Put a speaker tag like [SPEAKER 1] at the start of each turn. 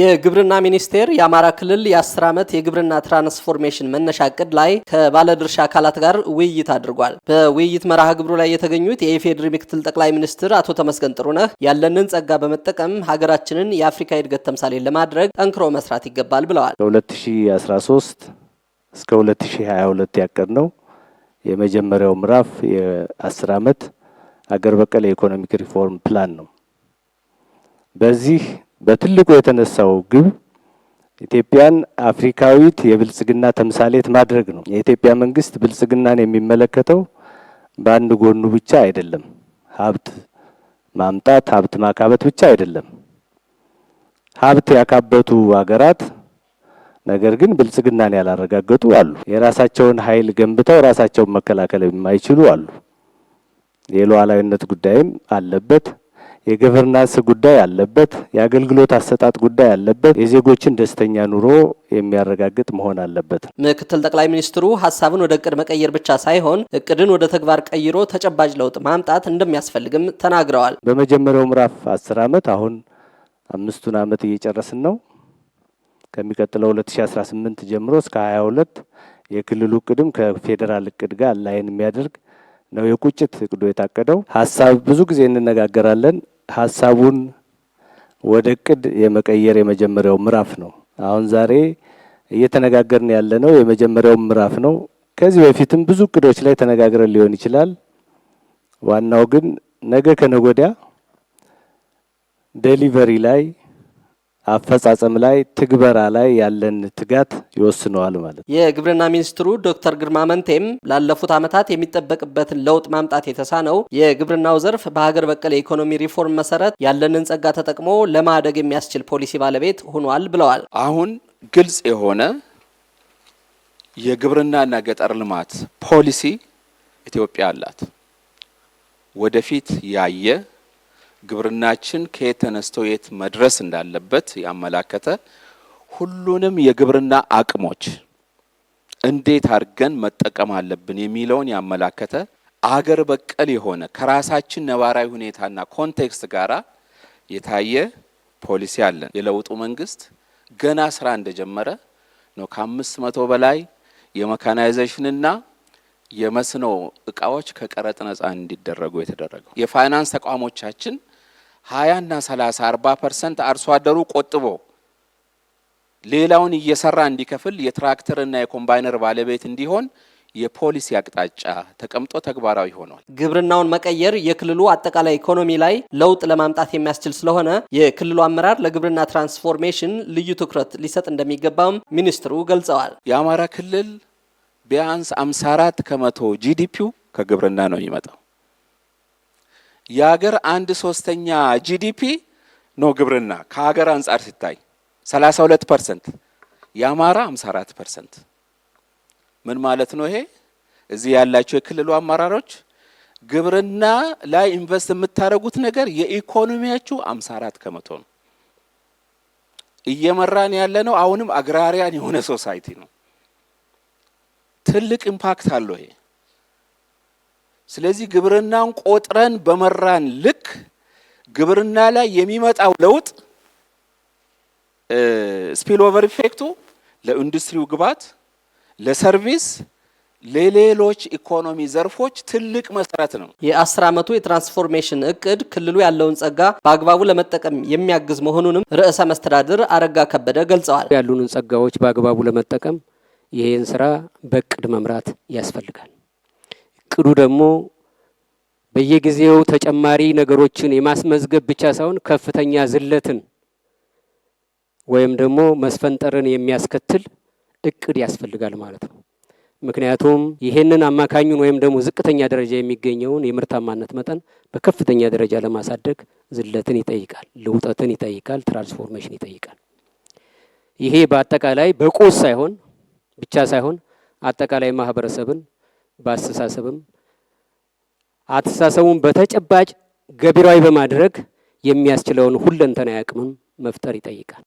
[SPEAKER 1] የግብርና ሚኒስቴር የአማራ ክልል የ10 ዓመት የግብርና ትራንስፎርሜሽን መነሻ እቅድ ላይ ከባለድርሻ አካላት ጋር ውይይት አድርጓል። በውይይት መርሃ ግብሩ ላይ የተገኙት የኢፌዴሪ ምክትል ጠቅላይ ሚኒስትር አቶ ተመስገን ጥሩነህ ያለንን ጸጋ በመጠቀም ሀገራችንን የአፍሪካ የእድገት ተምሳሌ ለማድረግ ጠንክሮ መስራት ይገባል ብለዋል።
[SPEAKER 2] ከ2013 እስከ 2022 ያቀድ ነው የመጀመሪያው ምዕራፍ የ10 ዓመት አገር በቀል የኢኮኖሚክ ሪፎርም ፕላን ነው። በዚህ በትልቁ የተነሳው ግብ ኢትዮጵያን አፍሪካዊት የብልጽግና ተምሳሌት ማድረግ ነው። የኢትዮጵያ መንግስት ብልጽግናን የሚመለከተው በአንድ ጎኑ ብቻ አይደለም። ሀብት ማምጣት፣ ሀብት ማካበት ብቻ አይደለም። ሀብት ያካበቱ ሀገራት ነገር ግን ብልጽግናን ያላረጋገጡ አሉ። የራሳቸውን ኃይል ገንብተው ራሳቸውን መከላከል የማይችሉ አሉ። የሉዓላዊነት ጉዳይም አለበት። የገቨርናንስ ጉዳይ አለበት፣ የአገልግሎት አሰጣጥ ጉዳይ አለበት፣ የዜጎችን ደስተኛ ኑሮ የሚያረጋግጥ መሆን አለበት።
[SPEAKER 1] ምክትል ጠቅላይ ሚኒስትሩ ሀሳብን ወደ እቅድ መቀየር ብቻ ሳይሆን እቅድን ወደ ተግባር ቀይሮ ተጨባጭ ለውጥ ማምጣት እንደሚያስፈልግም ተናግረዋል።
[SPEAKER 2] በመጀመሪያው ምዕራፍ አስር ዓመት አሁን አምስቱን ዓመት እየጨረስን ነው። ከሚቀጥለው 2018 ጀምሮ እስከ 22 የክልሉ እቅድም ከፌዴራል እቅድ ጋር ላይን የሚያደርግ ነው። የቁጭት እቅዱ የታቀደው ሀሳብ ብዙ ጊዜ እንነጋገራለን። ሀሳቡን ወደ እቅድ የመቀየር የመጀመሪያው ምዕራፍ ነው። አሁን ዛሬ እየተነጋገርን ያለነው የመጀመሪያው ምዕራፍ ነው። ከዚህ በፊትም ብዙ እቅዶች ላይ ተነጋግረን ሊሆን ይችላል። ዋናው ግን ነገ ከነጎዳ ዴሊቨሪ ላይ አፈጻጸም ላይ ትግበራ ላይ ያለን ትጋት ይወስነዋል ማለት
[SPEAKER 1] የግብርና ሚኒስትሩ ዶክተር ግርማ መንቴም ላለፉት ዓመታት የሚጠበቅበትን ለውጥ ማምጣት የተሳነው የግብርናው ዘርፍ በሀገር በቀል የኢኮኖሚ ሪፎርም መሰረት ያለንን ጸጋ ተጠቅሞ ለማደግ የሚያስችል ፖሊሲ ባለቤት ሆኗል ብለዋል።
[SPEAKER 2] አሁን ግልጽ የሆነ የግብርናና ገጠር ልማት ፖሊሲ ኢትዮጵያ አላት። ወደፊት ያየ ግብርናችን ከየት ተነስቶ የት መድረስ እንዳለበት ያመላከተ ሁሉንም የግብርና አቅሞች እንዴት አድርገን መጠቀም አለብን የሚለውን ያመላከተ አገር በቀል የሆነ ከራሳችን ነባራዊ ሁኔታና ኮንቴክስት ጋር የታየ ፖሊሲ አለን። የለውጡ መንግስት ገና ስራ እንደጀመረ ነው ከአምስት መቶ በላይ የመካናይዜሽንና የመስኖ እቃዎች ከቀረጥ ነጻ እንዲደረጉ የተደረገው። የፋይናንስ ተቋሞቻችን ሀያና ሰላሳ አርባ ፐርሰንት አርሶ አደሩ ቆጥቦ ሌላውን እየሰራ እንዲከፍል የትራክተርና የኮምባይነር ባለቤት እንዲሆን የፖሊሲ አቅጣጫ ተቀምጦ ተግባራዊ ሆኗል።
[SPEAKER 1] ግብርናውን መቀየር የክልሉ አጠቃላይ ኢኮኖሚ ላይ ለውጥ ለማምጣት የሚያስችል ስለሆነ የክልሉ አመራር ለግብርና ትራንስፎርሜሽን ልዩ ትኩረት ሊሰጥ እንደሚገባም ሚኒስትሩ ገልጸዋል።
[SPEAKER 2] የአማራ ክልል ቢያንስ 54 ከመቶ ጂዲፒው ከግብርና ነው የሚመጣው። የሀገር አንድ ሶስተኛ ጂዲፒ ነው ግብርና ከሀገር አንጻር ሲታይ 32 ፐርሰንት የአማራ 54 ፐርሰንት። ምን ማለት ነው ይሄ? እዚህ ያላቸው የክልሉ አመራሮች ግብርና ላይ ኢንቨስት የምታደርጉት ነገር የኢኮኖሚያችሁ 54 ከመቶ ነው። እየመራን ያለ ነው አሁንም አግራሪያን የሆነ ሶሳይቲ ነው። ትልቅ ኢምፓክት አለው ይሄ። ስለዚህ ግብርናን ቆጥረን በመራን ልክ ግብርና ላይ የሚመጣው ለውጥ ስፒል ኦቨር ኢፌክቱ ለኢንዱስትሪው ግብዓት፣ ለሰርቪስ፣ ለሌሎች ኢኮኖሚ ዘርፎች ትልቅ መሰረት ነው።
[SPEAKER 1] የአስር ዓመቱ የትራንስፎርሜሽን እቅድ ክልሉ ያለውን ጸጋ በአግባቡ ለመጠቀም የሚያግዝ መሆኑንም ርዕሰ መስተዳድር አረጋ ከበደ ገልጸዋል።
[SPEAKER 2] ያሉንን ጸጋዎች በአግባቡ ለመጠቀም ይህን ስራ በእቅድ መምራት ያስፈልጋል። እቅዱ ደግሞ በየጊዜው ተጨማሪ ነገሮችን የማስመዝገብ ብቻ ሳይሆን ከፍተኛ ዝለትን ወይም ደግሞ መስፈንጠርን የሚያስከትል እቅድ ያስፈልጋል ማለት ነው። ምክንያቱም ይሄንን አማካኙን ወይም ደግሞ ዝቅተኛ ደረጃ የሚገኘውን የምርታማነት መጠን በከፍተኛ ደረጃ ለማሳደግ ዝለትን ይጠይቃል፣ ልውጠትን ይጠይቃል፣ ትራንስፎርሜሽን ይጠይቃል። ይሄ በአጠቃላይ በቁስ ሳይሆን ብቻ ሳይሆን አጠቃላይ ማህበረሰብን በአስተሳሰብም አስተሳሰቡን በተጨባጭ ገቢራዊ በማድረግ የሚያስችለውን ሁለንተናዊ አቅምም መፍጠር ይጠይቃል።